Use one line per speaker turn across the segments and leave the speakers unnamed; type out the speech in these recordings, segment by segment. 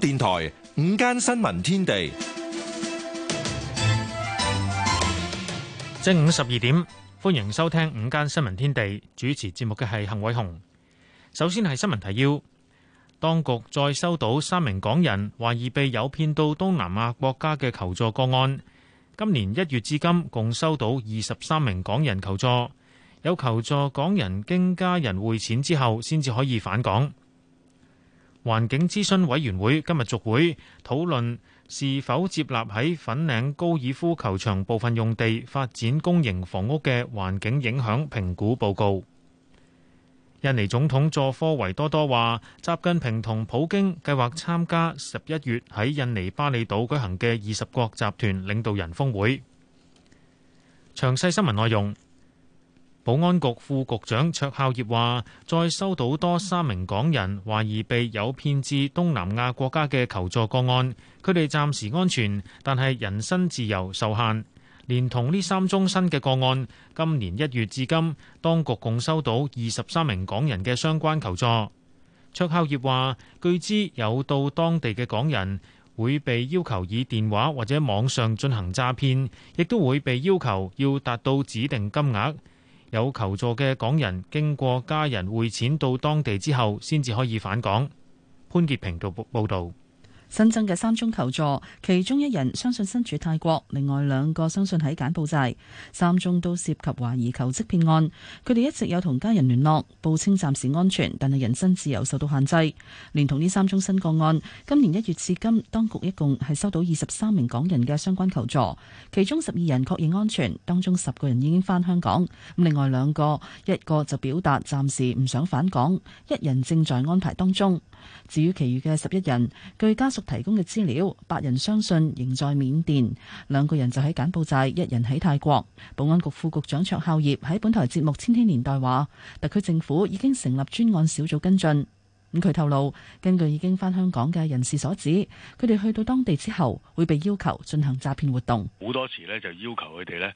電台午間新聞天
地，正午十二點，歡迎收聽午間新聞天地。主持節目嘅係幸偉雄。首先係新聞提要：當局再收到三名港人懷疑被誘騙到東南亞國家嘅求助個案。今年一月至今，共收到二十三名港人求助。有求助港人經家人匯錢之後，先至可以返港。環境諮詢委員會今日續會討論是否接納喺粉嶺高爾夫球場部分用地發展公營房屋嘅環境影響評估報告。印尼總統佐科維多多話，習近平同普京計劃參加十一月喺印尼巴里島舉行嘅二十國集團領導人峰會。詳細新聞內容。保安局副局長卓孝業話，再收到多三名港人懷疑被誘騙至東南亞國家嘅求助個案，佢哋暫時安全，但係人身自由受限。連同呢三宗新嘅個案，今年一月至今，當局共收到二十三名港人嘅相關求助。卓孝業話，據知有到當地嘅港人會被要求以電話或者網上進行詐騙，亦都會被要求要達到指定金額。有求助嘅港人，經過家人匯錢到當地之後，先至可以返港。潘潔平到報報道。
新增嘅三宗求助，其中一人相信身處泰國，另外兩個相信喺柬埔寨，三宗都涉及懷疑求職騙案。佢哋一直有同家人聯絡，報稱暫時安全，但係人身自由受到限制。連同呢三宗新個案，今年一月至今，當局一共係收到二十三名港人嘅相關求助，其中十二人確認安全，當中十個人已經翻香港，另外兩個，一個就表達暫時唔想返港，一人正在安排當中。至於其餘嘅十一人，據家提供嘅資料，八人相信仍在緬甸，兩個人就喺柬埔寨，一人喺泰國。保安局副局長卓孝業喺本台節目《千禧年代》話，特區政府已經成立專案小組跟進。咁佢透露，根據已經返香港嘅人士所指，佢哋去到當地之後會被要求進行詐騙活動，
好多時呢，就要求佢哋呢，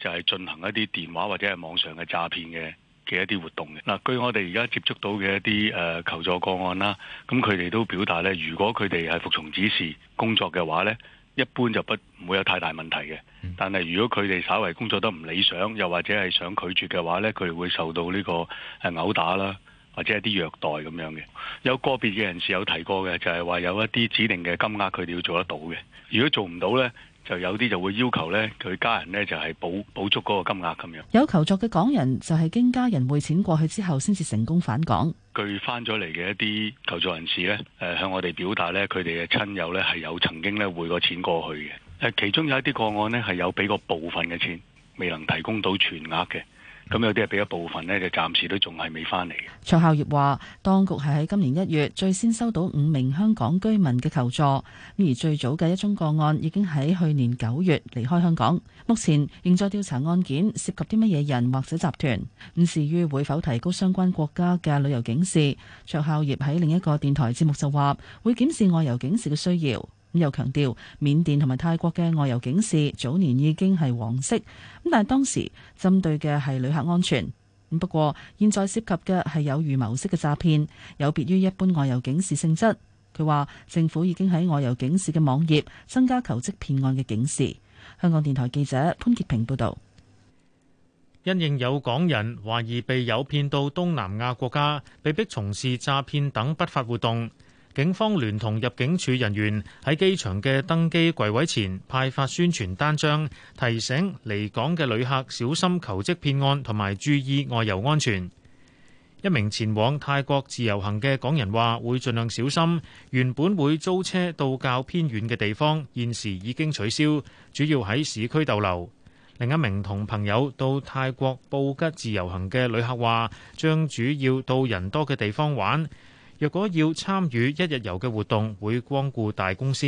就係進行一啲電話或者係網上嘅詐騙嘅。嘅一啲活動嘅，嗱，據我哋而家接觸到嘅一啲誒、呃、求助個案啦，咁佢哋都表達咧，如果佢哋係服從指示工作嘅話咧，一般就不唔會有太大問題嘅。但係如果佢哋稍為工作得唔理想，又或者係想拒絕嘅話咧，佢哋會受到呢個誒毆打啦，或者一啲虐待咁樣嘅。有個別嘅人士有提過嘅，就係、是、話有一啲指定嘅金額，佢哋要做得到嘅。如果做唔到咧，就有啲就會要求咧，佢家人咧就係補補足嗰個金額咁樣。
有求助嘅港人就係、是、經家人匯錢過去之後，先至成功返港。港就是、返
港據翻咗嚟嘅一啲求助人士咧，誒向我哋表達咧，佢哋嘅親友咧係有曾經咧匯過錢過去嘅。誒其中有一啲個案呢，係有俾過部分嘅錢，未能提供到全額嘅。咁有啲係俾一部分咧，就暫時都仲係未翻嚟。
卓孝業話，當局係喺今年一月最先收到五名香港居民嘅求助，而最早嘅一宗個案已經喺去年九月離開香港，目前仍在調查案件，涉及啲乜嘢人或者集團。咁至於會否提高相關國家嘅旅遊警示，卓孝業喺另一個電台節目就話會檢視外遊警示嘅需要。又強調，緬甸同埋泰國嘅外遊警示早年已經係黃色，咁但係當時針對嘅係旅客安全。不過現在涉及嘅係有預謀式嘅詐騙，有別於一般外遊警示性質。佢話政府已經喺外遊警示嘅網頁增加求職騙案嘅警示。香港電台記者潘潔平報導，
因應有港人懷疑被誘騙到東南亞國家，被逼從事詐騙等不法活動。警方聯同入境處人員喺機場嘅登機櫃位前派發宣傳單張，提醒離港嘅旅客小心求職騙案同埋注意外遊安全。一名前往泰國自由行嘅港人話：會盡量小心，原本會租車到較偏遠嘅地方，現時已經取消，主要喺市區逗留。另一名同朋友到泰國布吉自由行嘅旅客話：將主要到人多嘅地方玩。若果要參與一日遊嘅活動，會光顧大公司。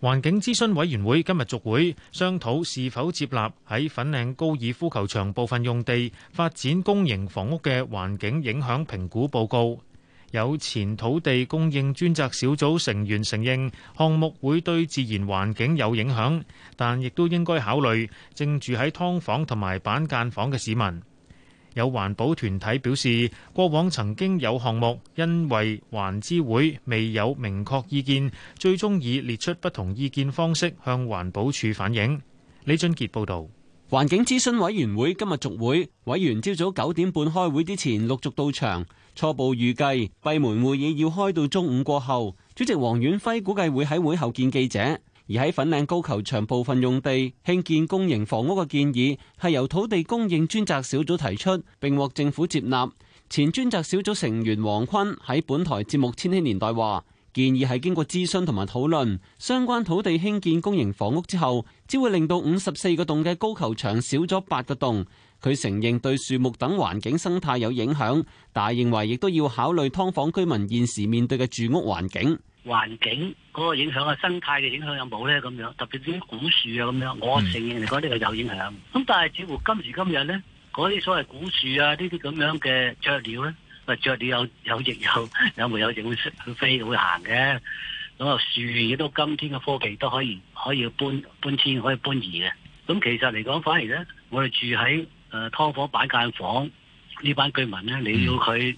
環境諮詢委員會今日續會，商討是否接納喺粉嶺高爾夫球場部分用地發展公營房屋嘅環境影響評估報告。有前土地供應專責小組成員承認，項目會對自然環境有影響，但亦都應該考慮正住喺劏房同埋板間房嘅市民。有環保團體表示，過往曾經有項目因為環諮會未有明確意見，最終以列出不同意見方式向環保署反映。李俊傑報導，
環境諮詢委員會今日續會，委員朝早九點半開會之前陸續到場，初步預計閉門會議要開到中午過後。主席王遠輝估計會喺會後見記者。而喺粉嶺高球場部分用地興建公營房屋嘅建議，係由土地供應專責小組提出並獲政府接納。前專責小組成員黃坤喺本台節目《千禧年代》話：建議係經過諮詢同埋討論相關土地興建公營房屋之後，只會令到五十四個洞嘅高球場少咗八個洞。佢承認對樹木等環境生態有影響，但係認為亦都要考慮劏房居民現時面對嘅住屋環境。環境嗰個影響啊，生態嘅影響有冇咧？咁樣特別啲古樹啊，咁樣我承認嚟講呢個有影響。咁但係似乎今時今日咧，嗰啲所謂古樹啊，呢啲咁樣嘅雀鳥咧，咪雀鳥有有翼有，有冇有翼會去飛，會行嘅。咁啊樹亦都今天嘅科技都可以可以搬搬遷，可以搬移嘅。咁其實嚟講，反而咧，我哋住喺誒、呃、劏房板間房呢班居民咧，你要佢。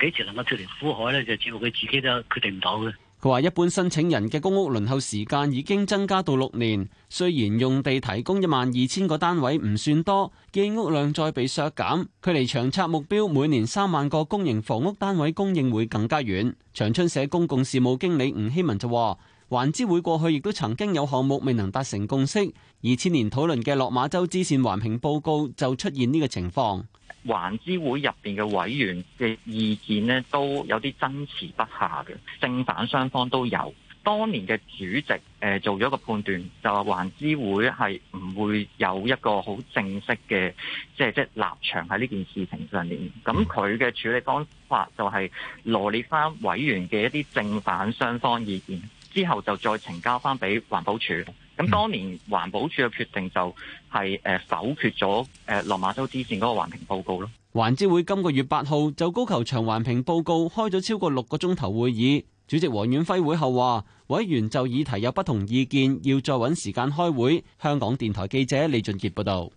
幾時能夠脫離苦海呢？就只係佢自己都決定唔到嘅。佢話一般申請人嘅公屋輪候時間已經增加到六年，雖然用地提供一萬二千個單位唔算多，建屋量再被削減，距離長策目標每年三萬個公營房屋單位供應會更加遠。長春社公共事務經理吳希文就話。環諮會過去亦都曾經有項目未能達成共識，二千年討論嘅落馬洲支線環評報告就出現呢個情況。環諮會入邊
嘅委員嘅意見咧都有啲爭持不下嘅，正反雙方都有。當年嘅主席誒做咗個判斷，就話環諮會係唔會有一個好正式嘅，即係即係立場喺呢件事情上面。咁佢嘅處理方法就係羅列翻委員嘅一啲正反雙方意見。之後就再呈交翻俾環保署，咁當年環保署嘅決定就係誒否決咗誒落馬洲支線嗰個環評報告咯。
環諮會今個月八號就高球場環評報告開咗超過六個鐘頭會議，主席黃遠輝會後話，委員就議題有不同意見，要再揾時間開會。香港電台記者李俊傑報道。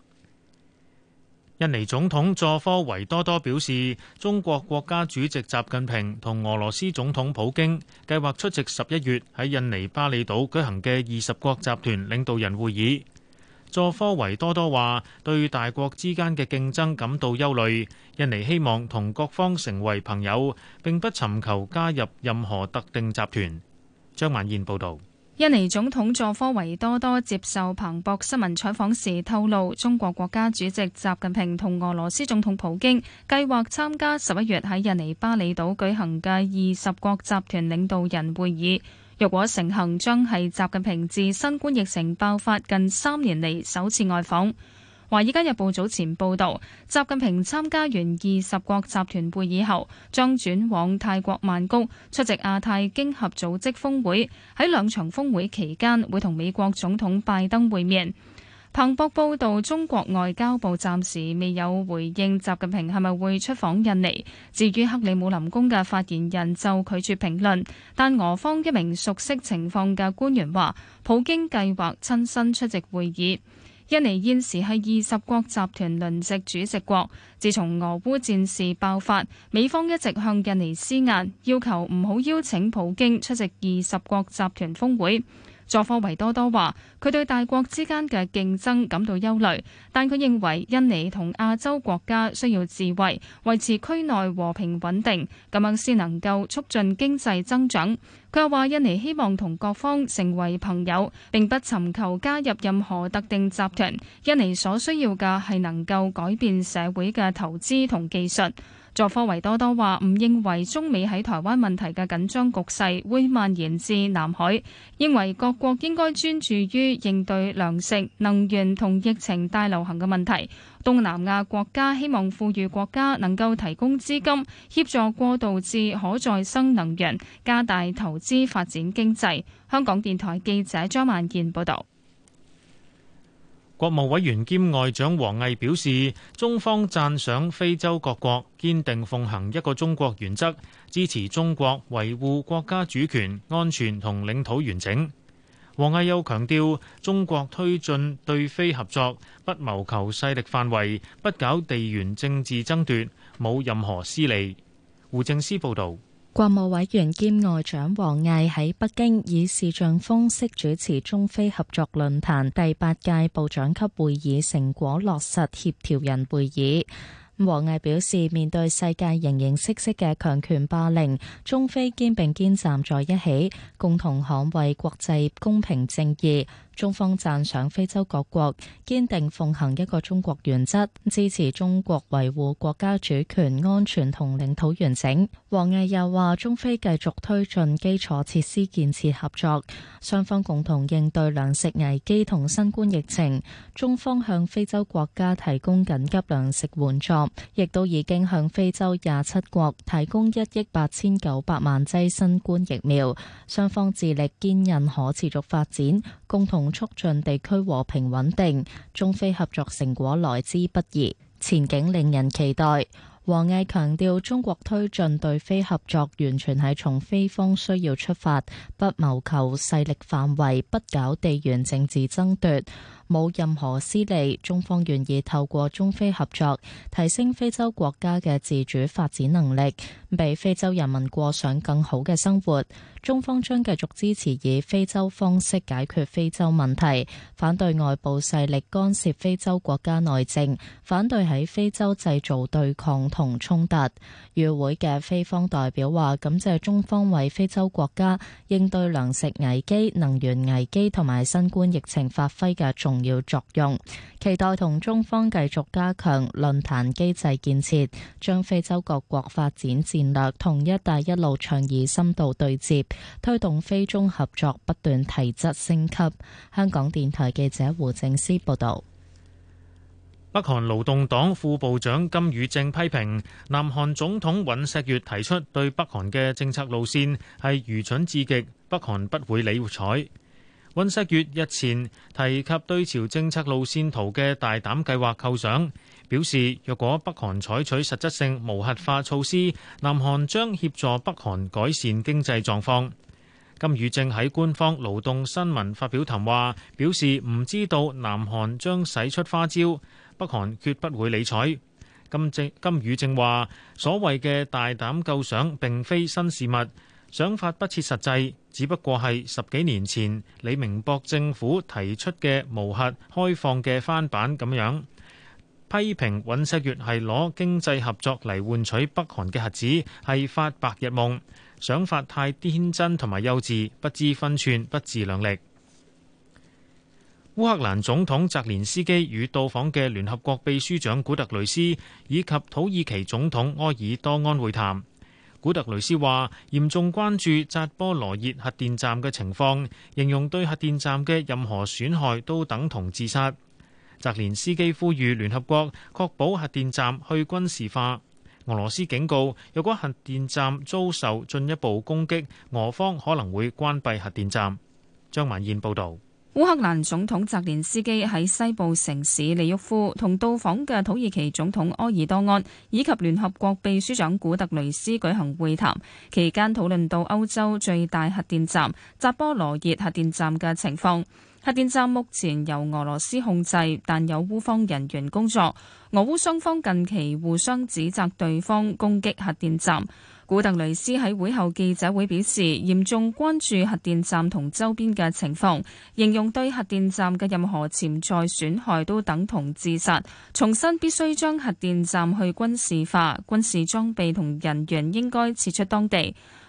印尼總統佐科維多多表示，中
國國家主席習近平同俄羅斯總統普京計劃出席十一月喺印尼巴里島舉行嘅二十國集團領導人會議。佐科維多多話，對大國之間嘅競爭感到憂慮。印尼希望同各方成為朋友，並不尋求加入任何特定集團。張曼燕報導。
印尼總統佐科維多多接受彭博新聞採訪時透露，中國國家主席習近平同俄羅斯總統普京計劃參加十一月喺印尼巴厘島舉行嘅二十國集團領導人會議，若果成行，將係習近平自新冠疫情爆發近三年嚟首次外訪。《華爾街日報》早前報道，習近平參加完二十國集團會議後，將轉往泰國曼谷出席亞太經合組織峰會。喺兩場峰會期間，會同美國總統拜登會面。彭博報道，中國外交部暫時未有回應習近平係咪會出訪印尼。至於克里姆林宮嘅發言人就拒絕評論，但俄方一名熟悉情況嘅官員話，普京計劃親身出席會議。印尼現時係二十國集團輪值主席國。自從俄烏戰事爆發，美方一直向印尼施壓，要求唔好邀請普京出席二十國集團峰會。佐科維多多話，佢對大國之間嘅競爭感到憂慮，但佢認為印尼同亞洲國家需要智慧，維持區內和平穩定，咁樣先能夠促進經濟增長。佢又話，印尼希望同各方成為朋友，並不尋求加入任何特定集團。印尼所需要嘅係能夠改變社會嘅投資同技術。佐科維多多話唔認為中美喺台灣問題嘅緊張局勢會蔓延至南海，認為各國應該專注於應對糧食、能源同疫情大流行嘅問題。東南亞國家希望富裕國家能夠提供資金協助過渡至可再生能源，加大投資發展經濟。香港電台記者張萬健報道。
國務委員兼外長王毅表示，中方讚賞非洲各國堅定奉行一個中國原則，支持中國維護國家主權、安全同領土完整。王毅又強調，中國推進對非合作，不謀求勢力範圍，不搞地緣政治爭奪，冇任何私利。胡政司報導。
國務委員兼外長王毅喺北京以視像方式主持中非合作論壇第八屆部長級會議成果落實協調人會議。王毅表示，面對世界形形色色嘅強權霸凌，中非肩並肩站在一起，共同捍衛國際公平正義。中方贊賞非洲各國堅定奉行一個中國原則，支持中國維護國家主權、安全同領土完整。王毅又話，中非繼續推進基礎設施建設合作，雙方共同應對糧食危機同新冠疫情。中方向非洲國家提供緊急糧食援助，亦都已經向非洲廿七國提供一億八千九百萬劑新冠疫苗。雙方致力堅韌可持續發展，共同。促進地區和平穩定，中非合作成果來之不易，前景令人期待。王毅強調，中國推進對非合作完全係從非方需要出發，不謀求勢力範圍，不搞地緣政治爭奪。冇任何私利，中方願意透過中非合作提升非洲國家嘅自主發展能力，俾非洲人民過上更好嘅生活。中方將繼續支持以非洲方式解決非洲問題，反對外部勢力干涉非洲國家內政，反對喺非洲製造對抗同衝突。與會嘅非方代表話，感謝中方為非洲國家應對糧食危機、能源危機同埋新冠疫情發揮嘅重。要作用，期待同中方繼續加強論壇機制建設，將非洲各國發展戰略同“一帶一路”倡議深度對接，推動非中合作不斷提質升級。香港電台記者胡正思報道。
北韓勞動黨副部長金與正批評南韓總統尹錫悅提出對北韓嘅政策路線係愚蠢至極，北韓不會理睬。尹錫悅日前提及對朝政策路線圖嘅大膽計劃構想，表示若果北韓採取實質性無核化措施，南韓將協助北韓改善經濟狀況。金與正喺官方《勞動新聞》發表談話，表示唔知道南韓將使出花招，北韓決不會理睬。金正金與正話：所謂嘅大膽構想並非新事物，想法不切實際。只不過係十幾年前李明博政府提出嘅無核開放嘅翻版咁樣，批評尹錫悅係攞經濟合作嚟換取北韓嘅核子，係發白日夢，想法太天真同埋幼稚，不知分寸，不自量力。烏克蘭總統澤連斯基與到訪嘅聯合國秘書長古特雷斯以及土耳其總統埃爾多安會談。古特雷斯話嚴重關注扎波羅熱核電站嘅情況，形容對核電站嘅任何損害都等同自殺。澤連斯基呼籲聯合國確保核電站去軍事化。俄羅斯警告，若果核電站遭受進一步攻擊，俄方可能會關閉核電站。張曼燕報道。
烏克蘭總統澤連斯基喺西部城市利沃夫同到訪嘅土耳其總統埃爾多安以及聯合國秘書長古特雷斯舉行會談，期間討論到歐洲最大核電站扎波羅熱核電站嘅情況。核電站目前由俄羅斯控制，但有烏方人員工作。俄烏雙方近期互相指責對方攻擊核電站。古特雷斯喺會後記者會表示，嚴重關注核電站同周邊嘅情況，形容對核電站嘅任何潛在損害都等同自殺。重新必須將核電站去軍事化，軍事裝備同人員應該撤出當地。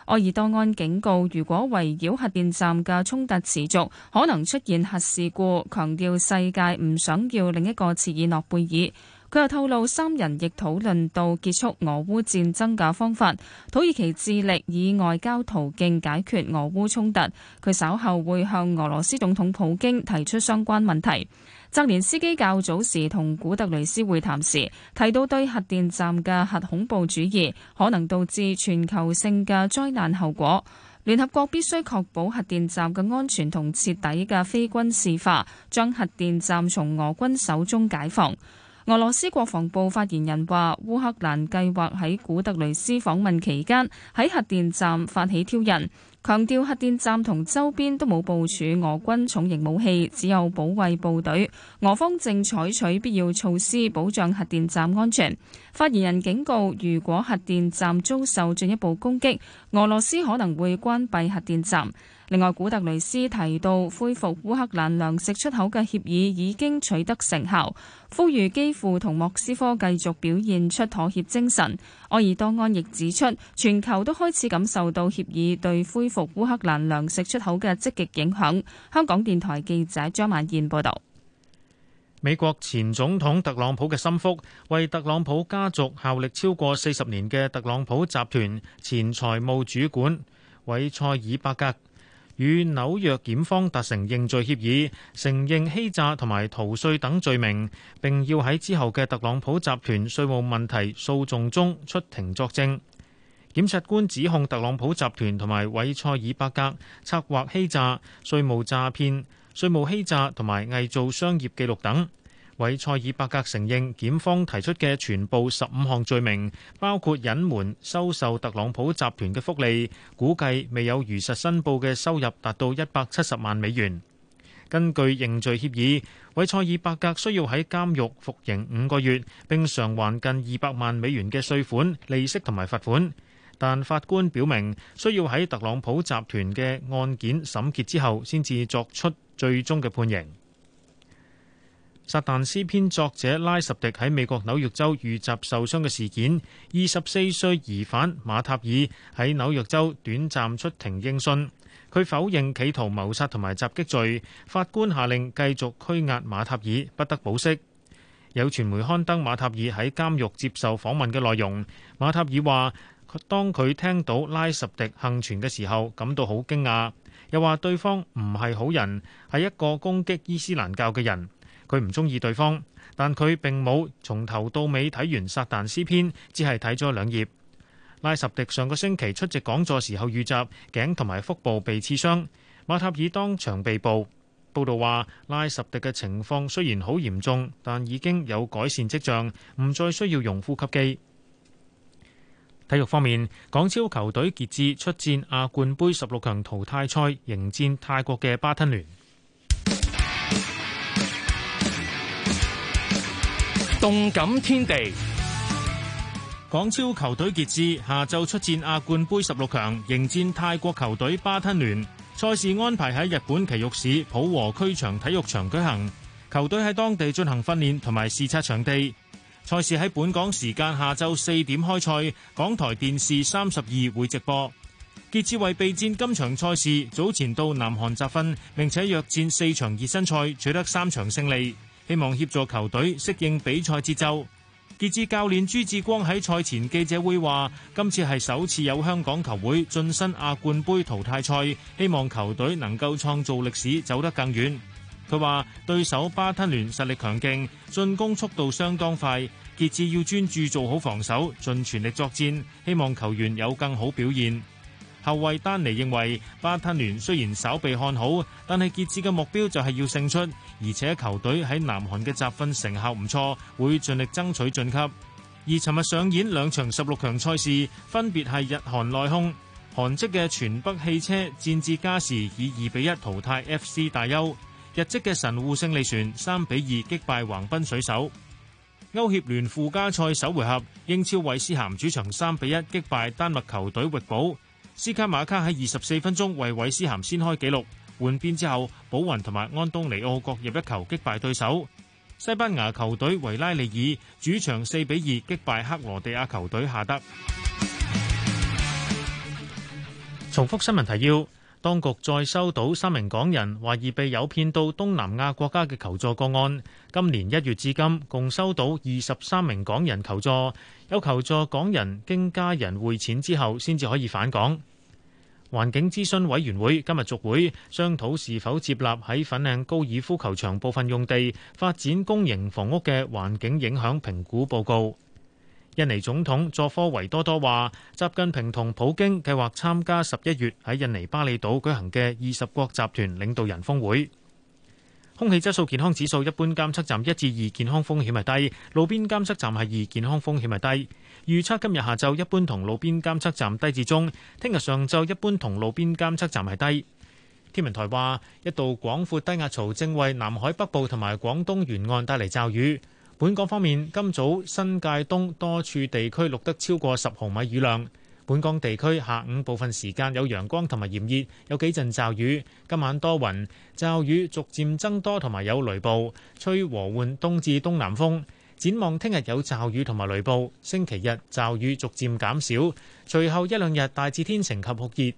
埃爾多安警告，如果圍繞核電站嘅衝突持續，可能出現核事故，強調世界唔想要另一個切爾諾貝爾。佢又透露，三人亦討論到結束俄烏戰爭嘅方法。土耳其致力以外交途徑解決俄烏衝突。佢稍後會向俄羅斯總統普京提出相關問題。澤連斯基較早時同古特雷斯會談時提到，對核電站嘅核恐怖主義可能導致全球性嘅災難後果。聯合國必須確保核電站嘅安全同徹底嘅非軍事化，將核電站從俄軍手中解放。俄羅斯國防部發言人話，烏克蘭計劃喺古特雷斯訪問期間喺核電站發起挑釁，強調核電站同周邊都冇部署俄軍重型武器，只有保衛部隊。俄方正採取必要措施保障核電站安全。發言人警告，如果核電站遭受進一步攻擊，俄羅斯可能會關閉核電站。另外，古特雷斯提到，恢復烏克蘭糧食出口嘅協議已經取得成效，呼籲基輔同莫斯科繼續表現出妥協精神。埃爾多安亦指出，全球都開始感受到協議對恢復烏克蘭糧食出口嘅積極影響。香港電台記者張曼燕報道。
美國前總統特朗普嘅心腹，為特朗普家族效力超過四十年嘅特朗普集團前財務主管韋塞爾伯格，格。與紐約檢方達成認罪協議，承認欺詐同埋逃稅等罪名，並要喺之後嘅特朗普集團稅務問題訴訟中出庭作證。檢察官指控特朗普集團同埋韋塞爾伯格策劃欺詐、稅務詐騙、稅務欺詐同埋偽造商業記錄等。韋塞爾伯格承認檢方提出嘅全部十五項罪名，包括隱瞞、收受特朗普集團嘅福利，估計未有如實申報嘅收入達到一百七十萬美元。根據認罪協議，韋塞爾伯格需要喺監獄服刑五個月，並償還近二百萬美元嘅稅款、利息同埋罰款。但法官表明，需要喺特朗普集團嘅案件審結之後，先至作出最終嘅判刑。《撒旦詩篇》作者拉什迪喺美國紐約州遇襲受傷嘅事件，二十四歲疑犯馬塔爾喺紐約州短暫出庭應訊，佢否認企圖謀殺同埋襲擊罪。法官下令繼續拘押馬塔爾，不得保釋。有傳媒刊登馬塔爾喺監獄接受訪問嘅內容，馬塔爾話：當佢聽到拉什迪倖存嘅時候，感到好驚訝，又話對方唔係好人，係一個攻擊伊斯蘭教嘅人。佢唔中意對方，但佢並冇從頭到尾睇完《撒旦詩篇》，只係睇咗兩頁。拉什迪上個星期出席講座時候遇襲，頸同埋腹部被刺傷。馬塔爾當場被捕。報道話，拉什迪嘅情況雖然好嚴重，但已經有改善跡象，唔再需要用呼吸機。體育方面，港超球隊傑志出戰亞冠杯十六強淘汰賽，迎戰泰國嘅巴吞聯。動感天地，港超球隊傑志下晝出戰亞冠杯十六強，迎戰泰國球隊巴吞聯。賽事安排喺日本埼玉市普和區場體育場舉行。球隊喺當地進行訓練同埋視察場地。賽事喺本港時間下晝四點開賽，港台電視三十二會直播。傑志為備戰今場賽事，早前到南韓集訓，並且約戰四場熱身賽，取得三場勝利。希望協助球隊適應比賽節奏。傑志教練朱志光喺賽前記者會話：今次係首次有香港球會晉身亞冠杯淘汰賽，希望球隊能夠創造歷史，走得更遠。佢話：對手巴吞聯實力強勁，進攻速度相當快。傑志要專注做好防守，盡全力作戰，希望球員有更好表現。後衛丹尼認為，巴吞聯雖然稍被看好，但係傑志嘅目標就係要勝出，而且球隊喺南韓嘅集訓成效唔錯，會盡力爭取晉級。而尋日上演兩場十六強賽事，分別係日韓內訌，韓職嘅全北汽車戰至加時以二比一淘汰 F.C. 大邱；日職嘅神戶勝利船三比二擊敗橫濱水手。歐協聯附加賽首回合，英超韋斯咸主場三比一擊敗丹麥球隊域堡。斯卡馬卡喺二十四分鐘為韋斯咸先開紀錄，換邊之後，保雲同埋安東尼奧各入一球擊敗對手。西班牙球隊維拉利爾主場四比二擊敗克羅地亞球隊夏德。重複新聞提要。當局再收到三名港人懷疑被誘騙到東南亞國家嘅求助個案。今年一月至今，共收到二十三名港人求助。有求助港人經家人匯錢之後，先至可以返港。環境諮詢委員會今日續會，商討是否接納喺粉嶺高爾夫球場部分用地發展公營房屋嘅環境影響評估報告。印尼總統佐科維多多話，習近平同普京計劃參加十一月喺印尼巴里島舉行嘅二十國集團領導人峰會。空氣質素健康指數一般監測站一至二健康風險係低，路邊監測站係二健康風險係低。預測今日下晝一般同路邊監測站低至中，聽日上晝一般同路邊監測站係低。天文台話，一道廣闊低壓槽正為南海北部同埋廣東沿岸帶嚟驟雨。本港方面，今早新界東多處地區錄得超過十毫米雨量。本港地區下午部分時間有陽光同埋炎熱，有幾陣驟雨。今晚多雲，驟雨逐漸增多同埋有雷暴，吹和緩東至東南風，展望聽日有驟雨同埋雷暴，星期日驟雨逐漸減少，隨後一兩日大致天晴及酷熱，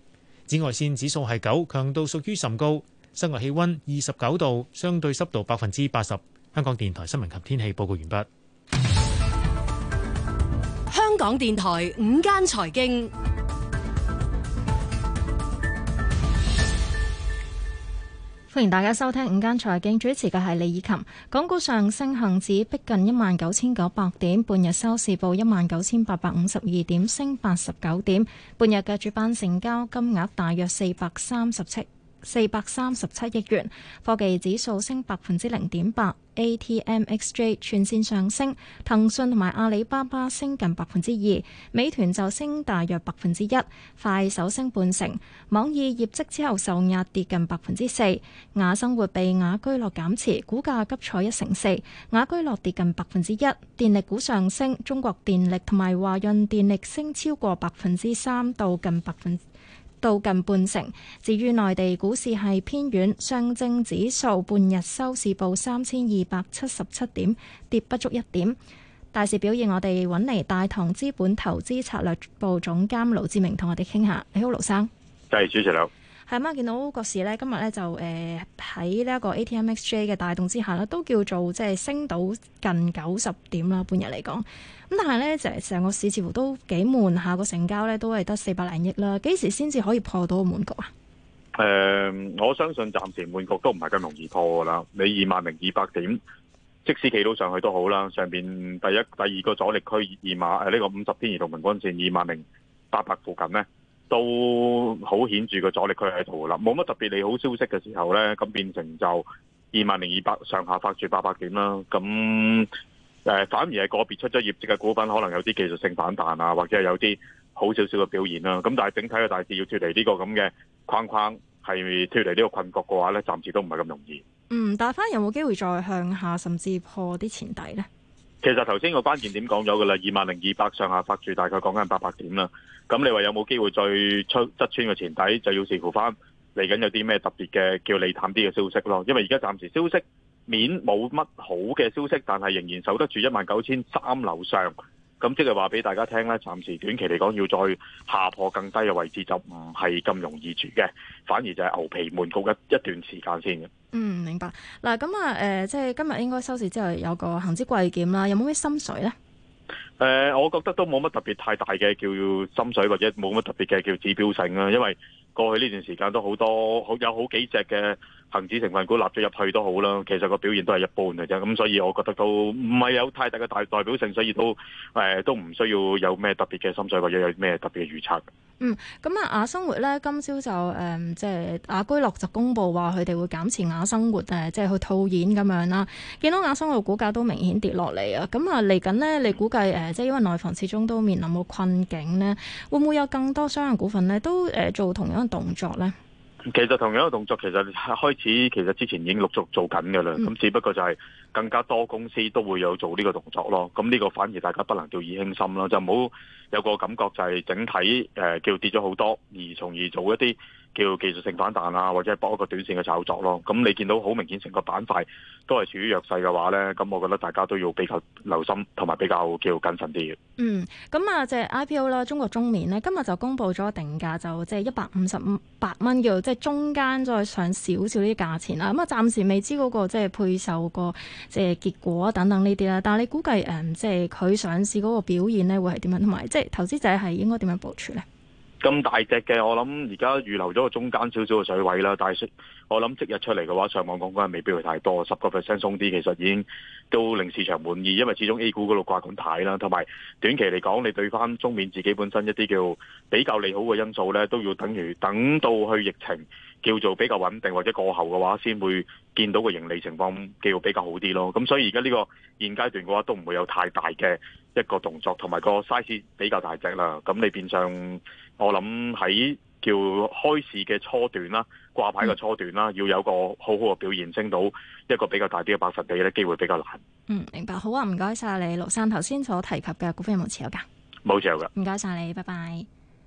紫外線指數係九，強度屬於甚高。室外氣溫二十九度，相對濕度百分之八十。香港電台新聞及天氣報告完畢。
香港電台午間財
經，歡迎大家收聽午間財經，主持嘅係李以琴。港股上升，恒指逼近一萬九千九百點，半日收市報一萬九千八百五十二點，升八十九點，半日嘅主板成交金額大約四百三十七，四百三十七億元，科技指數升百分之零點八，ATMXJ 全線上升，騰訊同埋阿里巴巴升近百分之二，美團就升大約百分之一，快手升半成，網易業績之後受壓跌近百分之四，雅生活被雅居樂減持，股價急挫一成四，雅居樂跌近百分之一，電力股上升，中國電力同埋華潤電力升超過百分之三到近百分到近半成。至於內地股市係偏軟，上證指數半日收市報三千二百七十七點，跌不足一點。大市表現，我哋揾嚟大唐資本投資策略部總監盧志明同我哋傾下。你好，盧生。
多謝主持。
啱啱見到個市咧，今日咧就誒喺呢一個 ATMXJ 嘅帶動之下咧，都叫做即係升到近九十點啦，半日嚟講。咁但係咧，就成個市似乎都幾悶下，個成交咧都係得四百零億啦。幾時先至可以破到個滿局啊？
誒、呃，我相信暫時滿局都唔係咁容易破噶啦。你二萬零二百點，即使企到上去都好啦。上邊第一、第二個阻力區二萬，誒呢個五十天移動平均線二萬零八百附近咧。都好顯著嘅阻力區喺度啦。冇乜特別利好消息嘅時候呢，咁變成就二萬零二百上下發，發住八百點啦。咁、呃、誒，反而係個別出咗業績嘅股份，可能有啲技術性反彈啊，或者係有啲好少少嘅表現啦、啊。咁但係整體嘅大市要脫離呢個咁嘅框框，係脫離呢個困局嘅話呢，暫時都唔係咁容易。
嗯，但係翻有冇機會再向下，甚至破啲前底呢？
其實頭先個關鍵點講咗嘅啦，二萬零二百上下發住，大概講緊八百點啦。咁你話有冇機會再出側穿個前底，就要視乎翻嚟緊有啲咩特別嘅叫利淡啲嘅消息咯。因為而家暫時消息面冇乜好嘅消息，但係仍然守得住一萬九千三樓上。咁即係話俾大家聽咧，暫時短期嚟講要再下破更低嘅位置就唔係咁容易住嘅，反而就係牛皮悶局一一段時間先嘅。嗯，
明白。嗱，咁啊，誒，即係今日應該收市之後有個恒指季檢啦，有冇咩心水咧？
誒、呃，我覺得都冇乜特別太大嘅叫心水或者冇乜特別嘅叫指標性啦，因為過去呢段時間都好多好有好幾隻嘅恒指成分股納咗入去都好啦，其實個表現都係一般嘅啫，咁所以我覺得都唔係有太大嘅代代表性，所以都誒、呃、都唔需要有咩特別嘅心水或者有咩特別嘅預測。
嗯，咁、嗯、啊，雅生活咧，今朝就誒、嗯，即係雅居樂就公布話佢哋會減持雅生活誒，即係去套現咁樣啦。見到雅生活股價都明顯跌落嚟啊！咁、嗯、啊，嚟緊咧，你估計誒，即、嗯、係因為內房始終都面臨個困境咧，會唔會有更多相關股份咧都誒、呃、做同樣嘅動作咧？
其實同樣嘅動作，其實開始其實之前已經陸續做緊噶啦。咁只不過就係更加多公司都會有做呢個動作咯。咁呢個反而大家不能掉以輕心啦，就唔好。有個感覺就係整體誒，叫跌咗好多，而從而做一啲。叫技術性反彈啊，或者係搏一個短線嘅炒作咯。咁你見到好明顯成個板塊都係處於弱勢嘅話咧，咁我覺得大家都要比較留心，同埋比較叫謹慎啲。嗯，
咁啊，即係 IPO 啦，中國中棉咧，今日就公布咗定價就，就即係一百五十八蚊叫，即係中間再上少少啲價錢啦。咁啊，暫時未知嗰個即係配售個即係結果等等呢啲啦。但係你估計誒，即係佢上市嗰個表現咧會係點樣？同埋即係投資者係應該點樣部署咧？
咁大隻嘅，我諗而家預留咗個中間少少嘅水位啦。但係，我諗即日出嚟嘅話，上網講嗰陣未必會太多。十個 percent 鬆啲，其實已經都令市場滿意，因為始終 A 股嗰度掛盤大啦。同埋短期嚟講，你對翻中免自己本身一啲叫比較利好嘅因素呢，都要等於等到去疫情叫做比較穩定或者過後嘅話，先會見到個盈利情況叫做比較好啲咯。咁所以而家呢個現階段嘅話，都唔會有太大嘅一個動作，同埋個 size 比較大隻啦。咁你變相～我諗喺叫開市嘅初段啦，掛牌嘅初段啦，要有個好好嘅表現，升到一個比較大啲嘅百分比呢，機會比較難。嗯，
明白，好啊，唔該晒你。陸生頭先所提及嘅股份有冇持有噶？
冇持有噶。唔
該晒你，拜拜。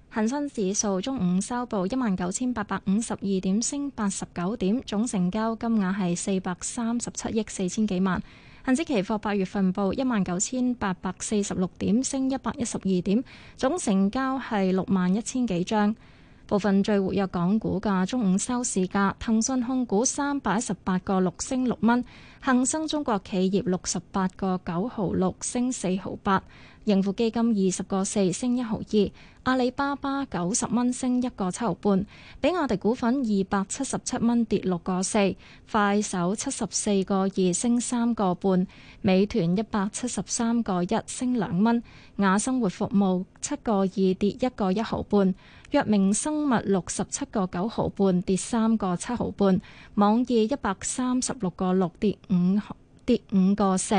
恒生指數中午收報一萬九千八百五十二點，升八十九點，總成交金額係四百三十七億四千幾萬。恒指期貨八月份報一萬九千八百四十六點，升一百一十二點，總成交係六萬一千幾張。部分最活躍港股嘅中午收市價，騰訊控股三百一十八個六升六蚊，恒生中國企業六十八個九毫六升四毫八，盈富基金二十個四升一毫二。主持人 主持人 assium 阿里巴巴九十蚊升一個七毫半，比亞迪股份二百七十七蚊跌六個四，快手七十四個二升三個半，美團一百七十三個一升兩蚊，雅生活服務七個二跌一個一毫半，藥明生物六十七個九毫半跌三個七毫半，網易一百三十六個六跌五跌五個四。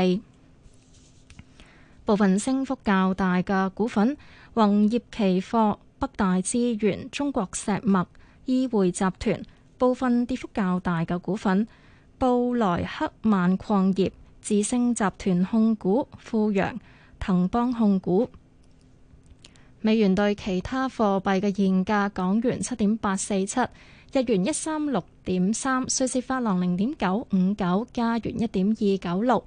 部分升幅較大嘅股份。宏業期貨、北大資源、中國石墨、醫匯集團，部分跌幅較大嘅股份：布萊克曼礦業、智星集團控股、富陽、騰邦控股。美元對其他貨幣嘅現價：港元七點八四七，日元一三六點三，瑞士法郎零點九五九，加元一點二九六，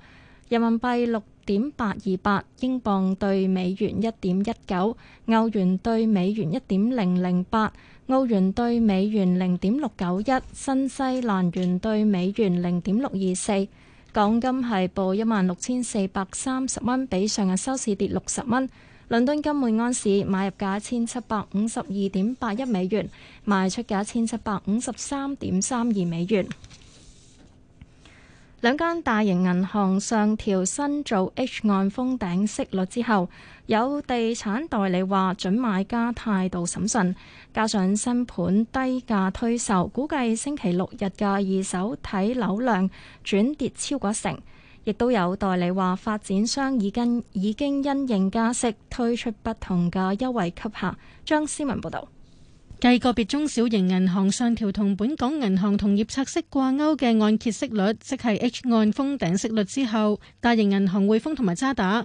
人民幣六點八二八英鎊兌美元，一點一九；歐元兌美元，一點零零八；澳元兌美元，零點六九一；新西蘭元兌美元，零點六二四。港金係報一萬六千四百三十蚊，比上日收市跌六十蚊。倫敦金每安士買入價一千七百五十二點八一美元，賣出價一千七百五十三點三二美元。兩間大型銀行上調新造 H 按封頂息率之後，有地產代理話準買家態度審慎，加上新盤低價推售，估計星期六日嘅二手睇樓量轉跌超過一成。亦都有代理話發展商已經已經因應加息推出不同嘅優惠畀客。
張思文報道。繼個別中小型銀行上調同本港銀行同業拆息掛鈎嘅按揭息率，即係 H 按封頂息率之後，大型銀行匯豐同埋渣打。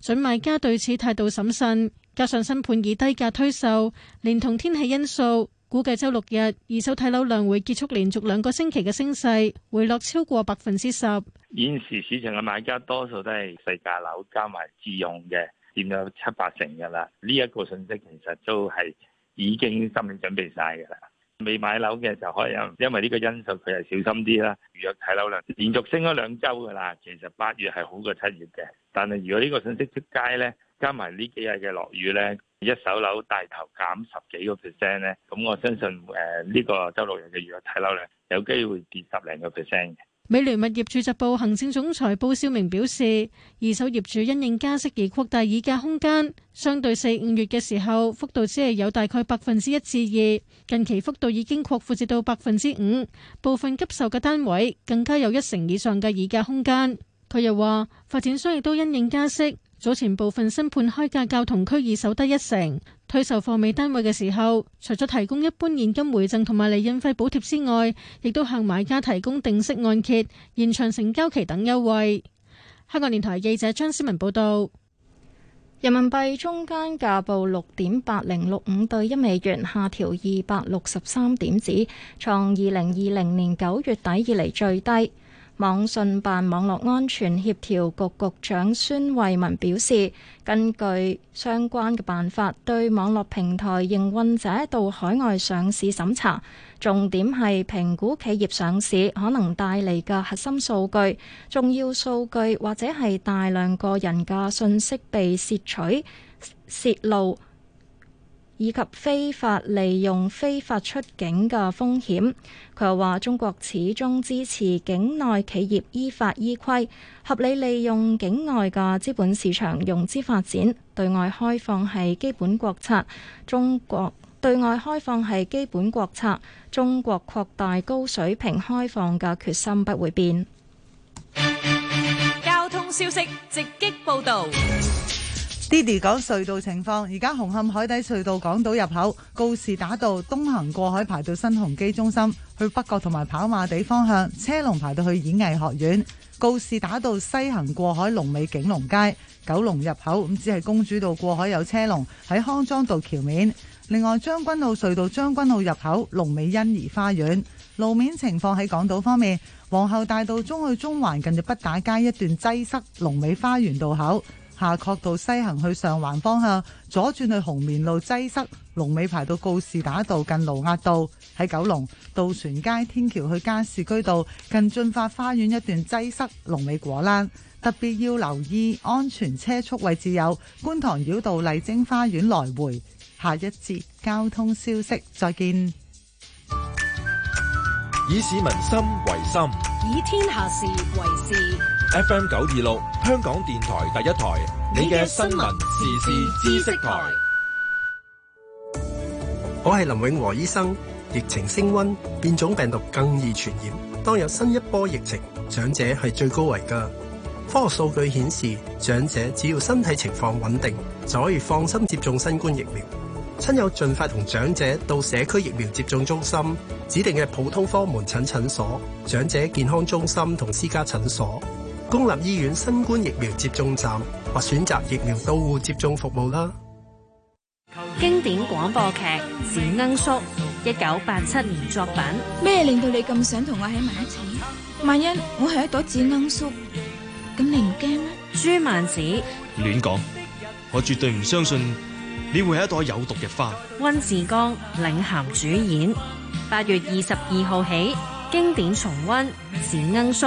準買家對此態度審慎，加上新盤以低價推售，連同天氣因素，估計周六日二手睇樓量會結束連續兩個星期嘅升勢，回落超過百分之十。
現時市場嘅買家多數都係細價樓加埋自用嘅，佔咗七八成噶啦。呢、這、一個信息其實都係已經心理準備晒噶啦。未買樓嘅就可以，因為呢個因素佢係小心啲啦。預約睇樓量連續升咗兩周噶啦，其實八月係好過七月嘅。但係如果呢個信息出街咧，加埋呢幾日嘅落雨咧，一手樓大頭減十幾個 percent 咧，咁我相信誒呢、呃這個周六日嘅預約睇樓量有機會跌十
零個 percent 嘅。美聯物業注集部行政總裁布少明表示，二手業主因應加息而擴大議價空間，相對四五月嘅時候，幅度只係有大概百分之一至二，近期幅度已經擴闊至到百分之五，部分急售嘅單位更加有一成以上嘅議價空間。佢又話，發展商亦都因應加息。早前部分新盤開價較同區二手低一成，推售貨尾單位嘅時候，除咗提供一般現金回贈同埋利潤費補貼之外，亦都向買家提供定息按揭、延長成交期等優惠。香港電台記者張思文報道，人民幣中間價報六點八零六五
對一美元，下調二百六十三點子，創二零二零年九月底以嚟最低。網信辦網絡安全協調局局長孫慧文表示，根據相關嘅辦法，對網絡平台營運者到海外上市審查，重點係評估企業上市可能帶嚟嘅核心數據、重要數據或者係大量個人嘅信息被竊取、泄露。以及非法利用非法出境，嘅風險，佢又話中國始終支持境內企業依法依規合理利用境外嘅資本市場融資發展，對外開放係基本國策。中國對外開放係基本國策，中國擴大高水平開
放嘅決心不會變。
交通消息直擊報道。
d i d y 講隧道情況，而家紅磡海底隧道港島入口告士打道東行過海排到新鴻基中心，去北角同埋跑馬地方向車龍排到去演藝學院。告士打道西行過海龍尾景隆街，九龍入口咁只係公主道過海有車龍喺康莊道橋面。另外將軍澳隧道將軍澳入口龍尾欣怡花園路面，情況。喺港島方面，皇后大道中去中環近住畢打街一段擠塞，龍尾花園道口。下慤道西行去上環方向，左轉去紅棉路擠塞，龍尾排到告士打道近盧押道；喺九龍渡船街天橋去加士居道近駿發花園一段擠塞，龍尾果欄。特別要留意安全車速位置有觀塘繞道麗晶花園來回。下一節交通消息，再見。
以市民心為心，以天下事為事。F.M. 九二六，香港電台第一台，你嘅新聞時事知識台。
我係林永和醫生。疫情升溫，變種病毒更易傳染。當有新一波疫情，長者係最高危噶。科學數據顯示，長者只要身體情況穩定，就可以放心接種新冠疫苗。親友盡快同長者到社區疫苗接種中心、指定嘅普通科門診診所、長者健康中心同私家診所。公立醫院新冠疫苗接種站或選擇疫苗到戶接種服務啦。
經典廣播劇《紫罌粟》，一九八七年作品。咩令到你咁想同我喺埋一齊？萬一我係一朵紫罌粟，咁你唔驚咩？朱曼子，
亂講，我絕對唔相信你會係一朵有毒嘅花。
温志剛領銜主演，八月二十二號起，經典重温《紫罌粟》。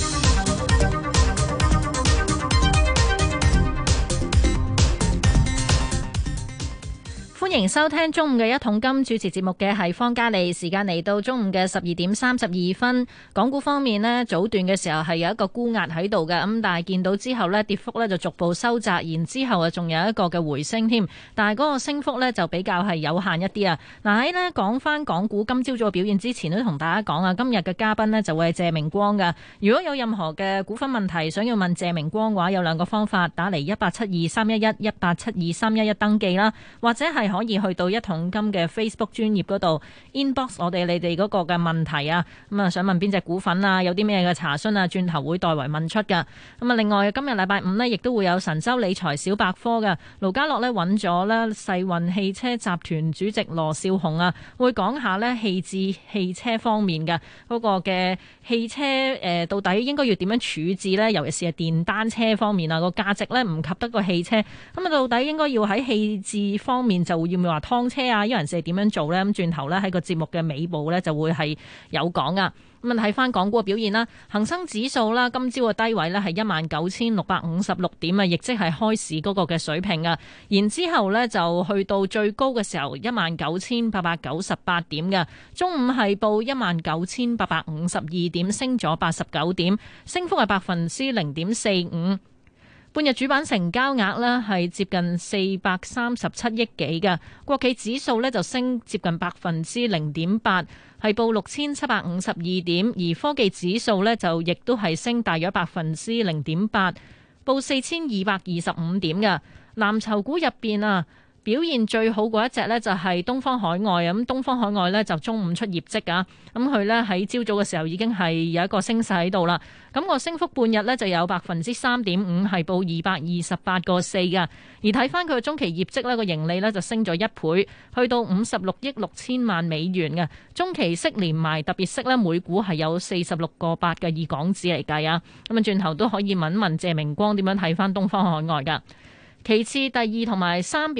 歡迎收聽中午嘅一桶金，主持節目嘅係方嘉莉，時間嚟到中午嘅十二點三十二分。港股方面呢，早段嘅時候係有一個沽壓喺度嘅，咁但係見到之後呢，跌幅呢就逐步收窄，然之後啊仲有一個嘅回升添，但係嗰個升幅呢就比較係有限一啲啊。嗱喺呢講翻港股今朝早嘅表現之前，都同大家講啊，今日嘅嘉賓呢就會係謝明光噶。如果有任何嘅股份問題想要問謝明光嘅話，有兩個方法，打嚟一八七二三一一一八七二三一一登記啦，或者係可。可以去到一桶金嘅 Facebook 專頁嗰度 inbox，我哋你哋嗰個嘅問題啊，咁啊想問邊隻股份啊，有啲咩嘅查詢啊，轉頭會代為問出噶，咁啊，另外今日禮拜五咧，亦都會有神州理財小百科嘅盧家樂咧，揾咗咧世運汽車集團主席羅少雄啊，會講下咧棄置汽車方面嘅個嘅汽車誒，到底應該要點樣處置咧？尤其是係電單車方面啊，個價值咧唔及得個汽車，咁啊，到底應該要喺棄置方面就要唔要話湯車啊？啲人士點樣做呢？咁轉頭呢，喺個節目嘅尾部呢，就會係有講噶。咁啊，睇翻港股嘅表現啦，恒生指數啦，今朝嘅低位呢，係一萬九千六百五十六點啊，亦即係開市嗰個嘅水平啊。然之後呢，就去到最高嘅時候一萬九千八百九十八點嘅，中午係報一萬九千八百五十二點，升咗八十九點，升幅係百分之零點四五。半日主板成交額呢係接近四百三十七億幾嘅，國企指數呢就升接近百分之零點八，係報六千七百五十二點；而科技指數呢就亦都係升大約百分之零點八，報四千二百二十五點嘅藍籌股入邊啊。表現最好嗰一隻呢，就係東方海外。咁東方海外呢，就中午出業績啊，咁佢呢，喺朝早嘅時候已經係有一個升勢喺度啦。咁個升幅半日呢，就有百分之三點五，係報二百二十八個四㗎。而睇翻佢嘅中期業績呢，個盈利呢，就升咗一倍，去到五十六億六千萬美元嘅中期息連埋特別息呢，每股係有四十六個八嘅二港紙嚟計啊。咁啊，轉頭都可以問問謝明光點樣睇翻東方海外噶。其次，第二同埋三。